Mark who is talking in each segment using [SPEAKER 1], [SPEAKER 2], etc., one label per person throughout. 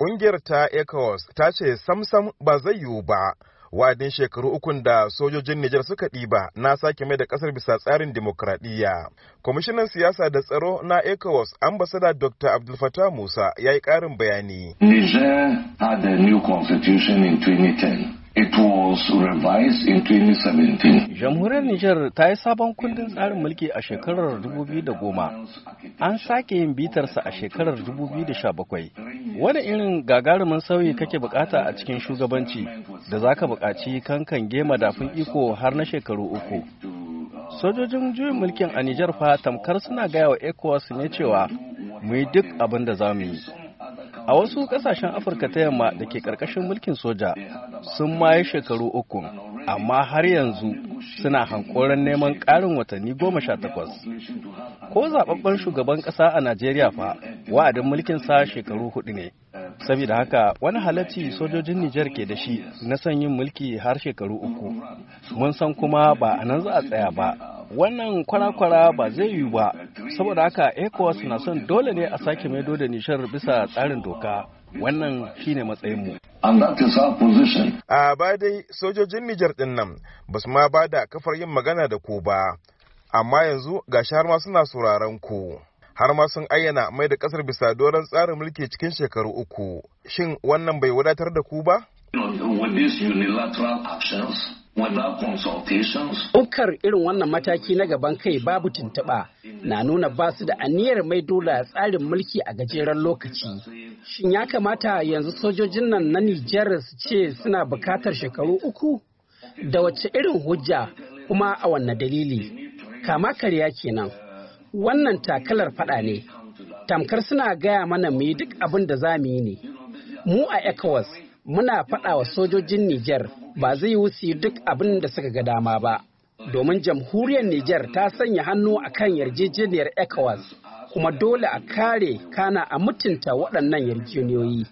[SPEAKER 1] Kungiyar ta ECOWAS ta ce samsam ba zai yiwu ba wa'adin shekaru ukun da sojojin Nijar suka ɗiba na sake mai da ƙasar bisa tsarin dimokuraɗiyya. Kwamishinan siyasa da tsaro na ECOWAS ambasada Dr. Abdul Musa ya yi ƙarin bayani. Niger had a new constitution in 2010. It was revised in 2017. Jamhuriyar
[SPEAKER 2] Nijar ta yi sabon kundin tsarin mulki a shekarar 2010. An sake yin bitarsa a shekarar 2017. Wani irin gagarumin sauyi kake bukata a cikin shugabanci da za ka buƙaci kankan gema dafin iko har na shekaru uku. Sojojin juyin mulkin a Nijar fa tamkar suna gaya wa ECOWAS ne cewa muyi duk abin da za mu yi. A wasu ƙasashen Afirka ta yamma da ke ƙarƙashin mulkin soja sun maye shekaru uku, amma har yanzu suna hankoron neman ƙarin watanni goma sha takwas. ko zaɓaɓɓen shugaban ƙasa a Najeriya fa wa'adin mulkin sa shekaru hudu ne. Saboda haka wani halacci sojojin Nijar ke da shi na san yin mulki har shekaru uku. Mun san kuma ba a nan za a tsaya ba. Wannan kwara-kwara ba zai yiwu ba, saboda haka ECOWAS na son dole ne a sake maido da nishar bisa tsarin doka. Wannan shine matsayinmu.
[SPEAKER 1] A ba dai sojojin Nijar ɗin nan ba su ma ba da kafar yin magana da ku ba, amma yanzu ga shi har ma suna sauraron ku har ma sun ayyana mai da kasar bisa doron tsarin mulki cikin shekaru uku shin wannan bai wadatar da ku ba
[SPEAKER 2] Ukar irin wannan mataki na gaban kai babu tuntuɓa na nuna ba su da aniyar mai dola tsarin mulki a gajeren lokaci. Shin ya kamata yanzu sojojin nan na Nijar su ce suna bukatar shekaru uku? Da wacce irin hujja kuma a wanne dalili? kama karya kenan wannan takalar fada ne tamkar suna gaya mana mu yi duk abin da za mu yi ne mu a ecowas muna faɗawa wa sojojin niger ba zai yi yi duk abin da suka ga dama ba domin jamhuriyar niger ta sanya hannu a kan yarjejeniyar ecowas kuma dole
[SPEAKER 1] a kare kana a mutunta waɗannan yarjejeniyoyi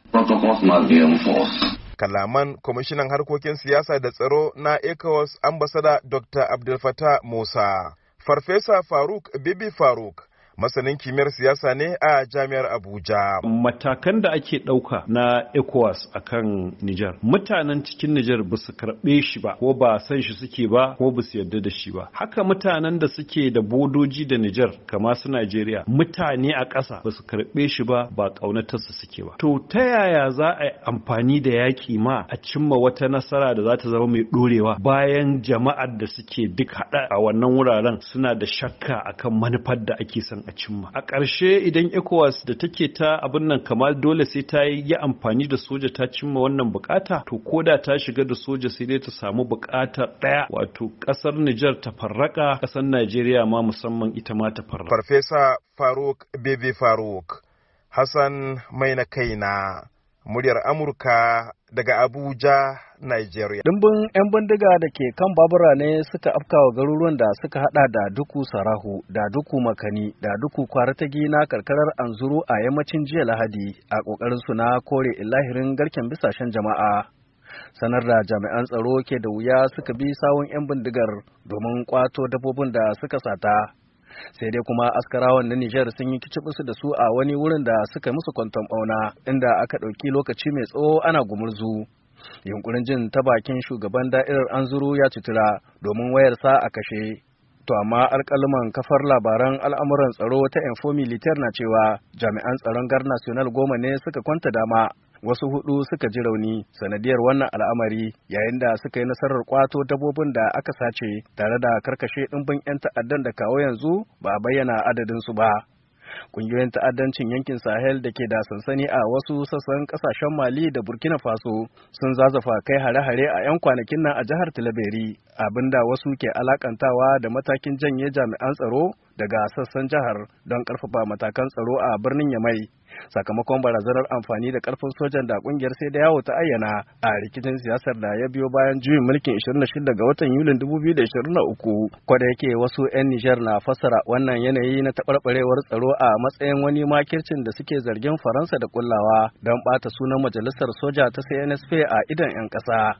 [SPEAKER 1] kalaman kwamishinan harkokin siyasa da tsaro na ecowas ambasada dr abdulfata musa Farfesa Faruk Bibi Faruk masanin kimiyyar siyasa ne a jami'ar Abuja. Matakan da ake ɗauka na ECOWAS a kan Nijar. Mutanen cikin Nijar ba su karɓe shi ba, ko ba san shi suke ba, ko ba su yarda da
[SPEAKER 2] shi ba. Haka mutanen da suke da bodoji da Nijar, kama su Najeriya, mutane a ƙasa ba su karɓe shi ba, ba ƙaunatarsa suke ba. To ta yaya za a yi amfani da yaƙi ma a cimma wata nasara da za ta zama mai ɗorewa bayan jama'ar da suke duk haɗa a wannan wuraren suna da shakka akan manufar da ake son a cimma
[SPEAKER 1] a ƙarshe
[SPEAKER 2] idan ecowas da take ta abin nan kamar dole sai ta yi amfani da soja ta cimma wannan bukata to koda ta shiga da soja sai dai ta samu bukata ɗaya wato ƙasar Nijar ta farraka ƙasar Najeriya ma musamman ita ma ta farraka
[SPEAKER 1] Farfesa Faruk Bebe Faruk Hassan mai na Kaina muryar Amurka daga Abuja, Nigeria.
[SPEAKER 2] Dumbin 'yan bindiga da ke kan babura ne suka afka wa garuruwan da suka hada da Duku Sarahu, da Duku Makani, da Duku Kwaratagi na karkarar Anzuru a yammacin jiya Lahadi a kokarin su na kore ilahirin garken bisashen jama'a. sanar da jami'an tsaro ke da wuya suka bi sawun 'yan bindigar domin kwato dabbobin da suka sata sai dai kuma askarawan na Nijar sun yi kicibisu da su a wani wurin da suka musu kwanton bauna inda aka ɗauki lokaci mai tsawo ana gumurzu. Yunkurin jin ta bakin shugaban da'irar Anzuru ya cutura domin wayar sa a kashe. To amma alkalman kafar labaran al'amuran tsaro ta Info na cewa jami'an tsaron gar National goma ne suka kwanta dama wasu hudu suka ji rauni sanadiyar wannan al'amari yayin da suka yi nasarar kwato dabobin da aka sace tare da karkashe ɗimbin 'yan ta'addan da kawo yanzu ba a bayyana adadin su ba kungiyoyin ta'addancin yankin sahel da ke da sansani a wasu sassan kasashen mali da burkina faso sun zazafa kai hare-hare a 'yan kwanakin nan a jihar tilaberi abinda wasu ke alakantawa da matakin janye jami'an tsaro daga sassan jihar don karfafa matakan tsaro a birnin yamai sakamakon barazanar amfani da karfin sojan da kungiyar sai da yawo ta ayyana a rikicin siyasar da ya biyo bayan juyin mulkin 26 ga watan Yulin 2023 kwada yake wasu 'yan Nijar na fassara wannan yanayi na taɓarɓarewar tsaro a matsayin wani makircin da suke zargin Faransa da kullawa don ɓata sunan majalisar soja ta CNSP a idan 'yan ƙasa.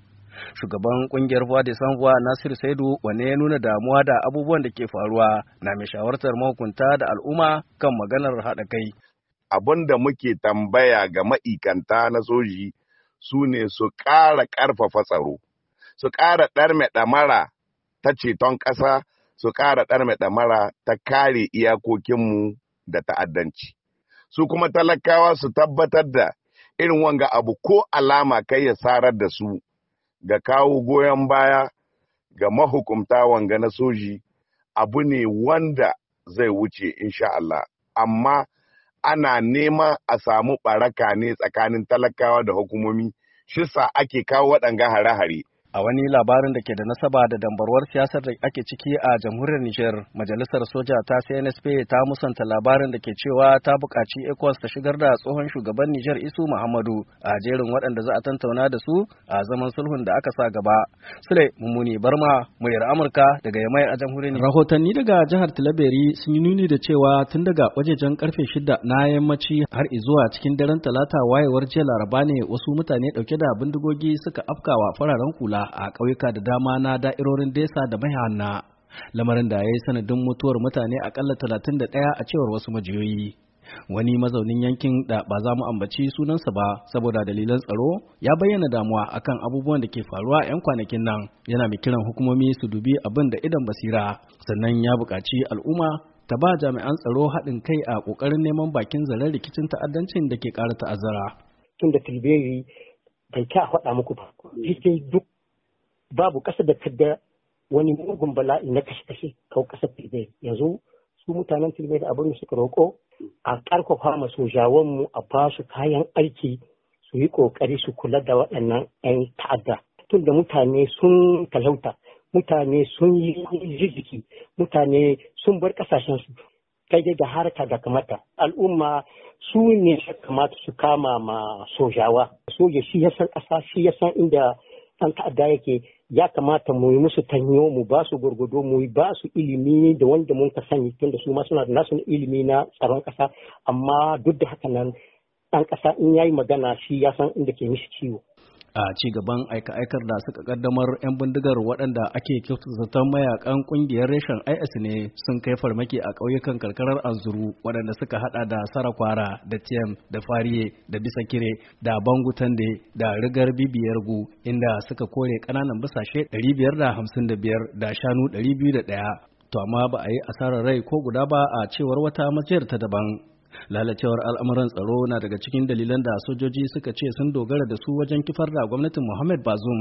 [SPEAKER 2] shugaban kungiyar voix de sans nasir saidu wane ya nuna damuwa da abubuwan da ke faruwa na mai shawartar mahukunta da al'umma kan maganar haɗa kai
[SPEAKER 1] abin da muke tambaya ga ma'ikanta na soji su ne su ƙara ƙarfafa tsaro su ƙara ɗarme ɗamara ta ceton ƙasa su ƙara ɗarme ɗamara ta kare iyakokinmu da ta'addanci su kuma talakawa su tabbatar da irin wanga abu ko alama kai ya sarar da su ga kawo goyon baya ga mahukumta wanga na soji abu ne wanda zai wuce insha Allah amma ana nema a samu ɓaraka ne tsakanin talakawa da hukumomi shi sa ake kawo waɗanga hare-hare A wani labarin da ke da nasaba da dambarwar siyasar da ake
[SPEAKER 2] ciki a jamhuriyar Nijar, majalisar soja ta CNSP ta musanta labarin da ke cewa ta buƙaci ECOWAS ta shigar da tsohon shugaban Nijar Isu Muhammadu a jerin waɗanda za a tantauna da su a zaman sulhun da aka sa gaba. Sule Mummuni Barma, muryar Amurka daga Yamai a jamhuriyar Nijar. Rahotanni daga jihar Tilaberi sun yi nuni da cewa tun daga wajejen karfe shida na yammaci har izuwa cikin daren talata wayewar jiya laraba ne wasu mutane ɗauke da bindigogi suka afkawa fararen kula Allah a ƙauyuka da dama na da'irorin desa da mahanna lamarin da ya yi sanadin mutuwar mutane akalla ɗaya a cewar wasu majiyoyi wani mazaunin yankin da ba za mu ambaci sunansa ba saboda dalilan tsaro ya bayyana damuwa akan abubuwan da ke faruwa 'yan kwanakin nan yana mai kiran hukumomi su dubi abin da idan basira sannan ya buƙaci al'umma ta ba jami'an tsaro haɗin kai a ƙoƙarin neman bakin zaren rikicin ta'addancin da ke ƙara ta'azzara. Tun da Tilberi bai ta faɗa muku ba, duk babu ƙasa da ta da wani mugun bala'i na kashe-kashe kau ƙasar Tibet yanzu su mutanen Tibet da abin suka roƙo a ƙarfafa masu jawonmu a ba su kayan aiki su yi ƙoƙari su kula da waɗannan 'yan ta'adda tun da mutane sun talauta mutane sun yi jijiki mutane sun bar ƙasashensu kai da harka da kamata
[SPEAKER 1] al'umma
[SPEAKER 2] su ne ya kamata su kama ma sojawa soja shi ya san ƙasa shi ya san inda ɗan ta'adda yake ya kamata mu yi musu tanyo mu ba su gurgudo mu ba su ilimi da wanda mun ka sani tunda su ma suna da nasu ilimi na tsaron kasa amma duk da haka nan ɗan ƙasa in yayi magana shi ya san inda ke mishi ciwo a ci gaban aika-aikar da suka kaddamar 'yan bindigar waɗanda ake kyautata mayakan ƙungiyar reshen is ne sun kai farmaki a ƙauyukan karkarar anzuru waɗanda suka hada da sarakwara da tiyam da fariye da bisa kire da bangutande da rigar bibiyar gu inda suka kore ƙananan bisashe 555 da shanu ɗaya, to amma ba a yi asarar rai ko guda ba a cewar wata majiyar ta daban lalacewar al'amuran tsaro na daga cikin dalilan da sojoji suka ce sun dogara da su wajen kifar da gwamnatin Muhammad Bazum,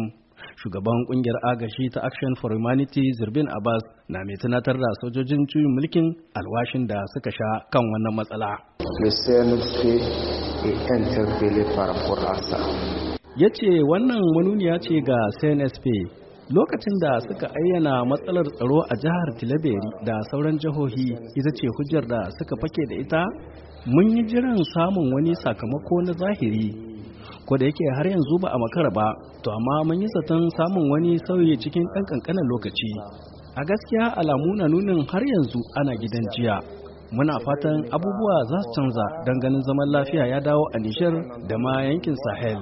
[SPEAKER 2] Shugaban kungiyar agashi ta Action for Humanity Zirbin Abbas na mai tunatar da sojojin juyin mulkin alwashin da suka sha kan wannan matsala. Ya ce wannan manuniya ce ga CNSP lokacin da suka ayyana matsalar tsaro a jihar tilaberi da sauran jihohi ita ce hujjar da suka fake da ita mun yi jiran samun wani sakamako na zahiri ko da yake har yanzu ba a makara ba to amma mun yi zaton samun wani sauyi cikin ɗan ƙanƙanin lokaci a gaskiya alamu na nunin har yanzu ana gidan jiya muna fatan abubuwa za su canza don ganin zaman lafiya ya dawo a nishar da ma yankin sahel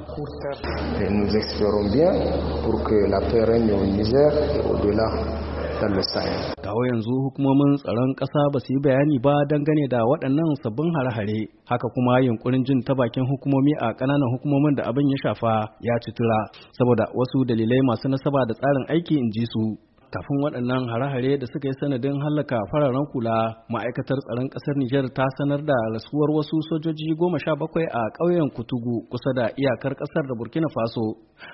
[SPEAKER 2] kawo yanzu hukumomin tsaron ƙasa ba su yi bayani ba dangane da waɗannan sabbin hare-hare haka kuma yunkurin jin ta bakin hukumomi a ƙananan hukumomin da abin ya shafa ya ci saboda wasu dalilai masu nasaba da tsarin aiki in ji su kafin waɗannan hare-hare da suka yi sanadin hallaka fararen kula ma'aikatar tsaron ƙasar Nijar ta sanar da rasuwar wasu sojoji goma sha bakwai a ƙauyen Kutugu kusa da iyakar ƙasar da Burkina Faso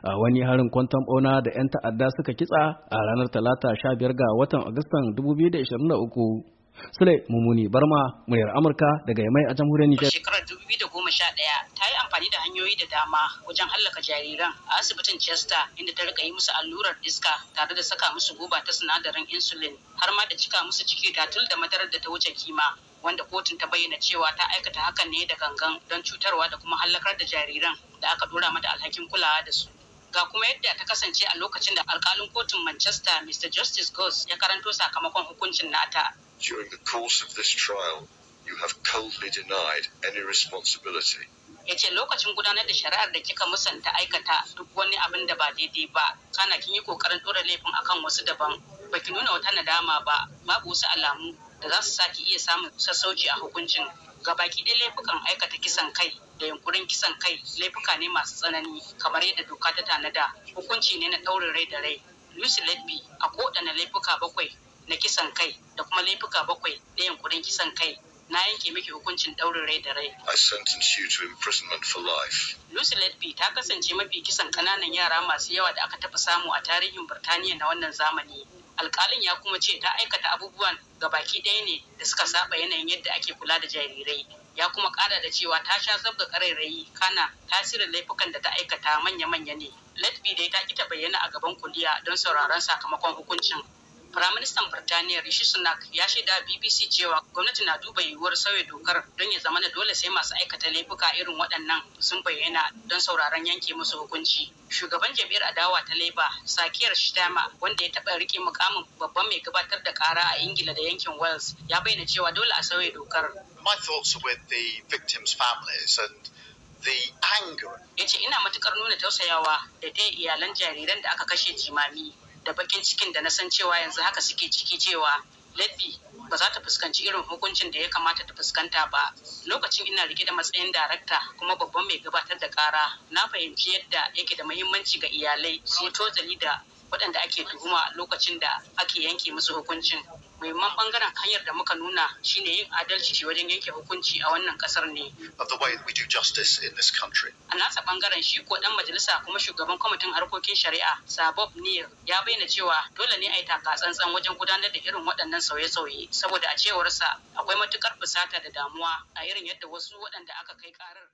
[SPEAKER 2] a wani harin kwantan ɓauna da 'yan ta'adda suka kitsa a ranar talata sha biyar ga watan Agustan 2023. Sule Mumuni Barma, muryar Amurka daga Yamai a jamhuriyar Nijar. Shekarar
[SPEAKER 3] 2011 ta yi amfani da hanyoyi da dama wajen hallaka jariran a asibitin Chester inda ta rika yi musu allurar iska tare da saka musu goba ta sinadarin insulin har ma da cika musu ciki tul da madarar da ta wuce kima. wanda kotun ta bayyana cewa ta aikata hakan ne da gangan don cutarwa da kuma hallakar da jariran da aka dora mata alhakin kulawa da su. ga kuma yadda ta kasance a lokacin da alkalin kotun manchester mr justice goss ya karanto sakamakon hukuncin nata During the course of this trial, you have coldly denied any responsibility. ya ce lokacin gudanar da shari'ar da kika musanta aikata duk wani abin da ba daidai ba kana kin yi kokarin dora laifin akan wasu daban baki nuna wata nadama ba babu wasu alamu da za su saki iya samun sassauci a hukuncin gabaki ɗaya laifukan aikata kisan kai da yunkurin kisan kai laifuka ne masu tsanani kamar yadda doka ta tanada hukunci ne na ɗaurin rai da rai lucy ledby a koɗana laifuka bakwai na kisan kai da kuma laifuka bakwai na kudin kisan kai na yanke miki hukuncin ɗaurin rai da rai. I sentence you to imprisonment for life. Lucy Letby ta kasance mafi kisan ƙananan yara masu yawa da aka taɓa samu a tarihin Birtaniya na wannan zamani. Alƙalin ya kuma ce ta aikata abubuwan ga baki ɗaya ne da suka saba yanayin yadda ake kula da jarirai. Ya kuma ƙara da cewa ta sha zabga ƙarairayi kana tasirin laifukan da ta aikata manya-manya ne. Letby dai ta ƙi ta bayyana a gaban kuliya don sauraron sakamakon hukuncin. Firaministan Birtaniya Rishi Sunak ya shaida BBC cewa gwamnati na duba yiwuwar sauya dokar don ya zama na dole sai masu aikata laifuka irin waɗannan sun bayyana don sauraron yanke musu hukunci. Shugaban jam'iyyar adawa ta Labour, Sakiyar Shitama wanda ya taɓa rike mukamin babban mai gabatar da ƙara a Ingila da yankin Wales, ya bayyana cewa dole a sauya dokar. My Ya ce ina matuƙar nuna tausayawa da ta iyalan jariran da aka kashe jimami da bakin cikin da na san cewa yanzu haka suke ciki cewa Ladi ba za ta fuskanci irin hukuncin da ya kamata ta fuskanta ba. Lokacin ina rike da matsayin darakta kuma babban mai gabatar da kara na fahimci yadda yake da muhimmanci ga iyalai su tozali da waɗanda ake tuhuma lokacin da ake yanke musu hukuncin muhimman ɓangaren hanyar da muka nuna shine yin adalci wajen yanke hukunci a wannan ƙasar ne of the way we do justice in this country a nasa ɓangaren shi ko dan majalisa kuma shugaban kwamitin harkokin shari'a sabob nir ya bayyana cewa dole ne a yi takatsantsan wajen gudanar da irin waɗannan sauye-sauye saboda a cewarsa akwai matuƙar fusata da damuwa a irin yadda wasu waɗanda aka kai ƙarar.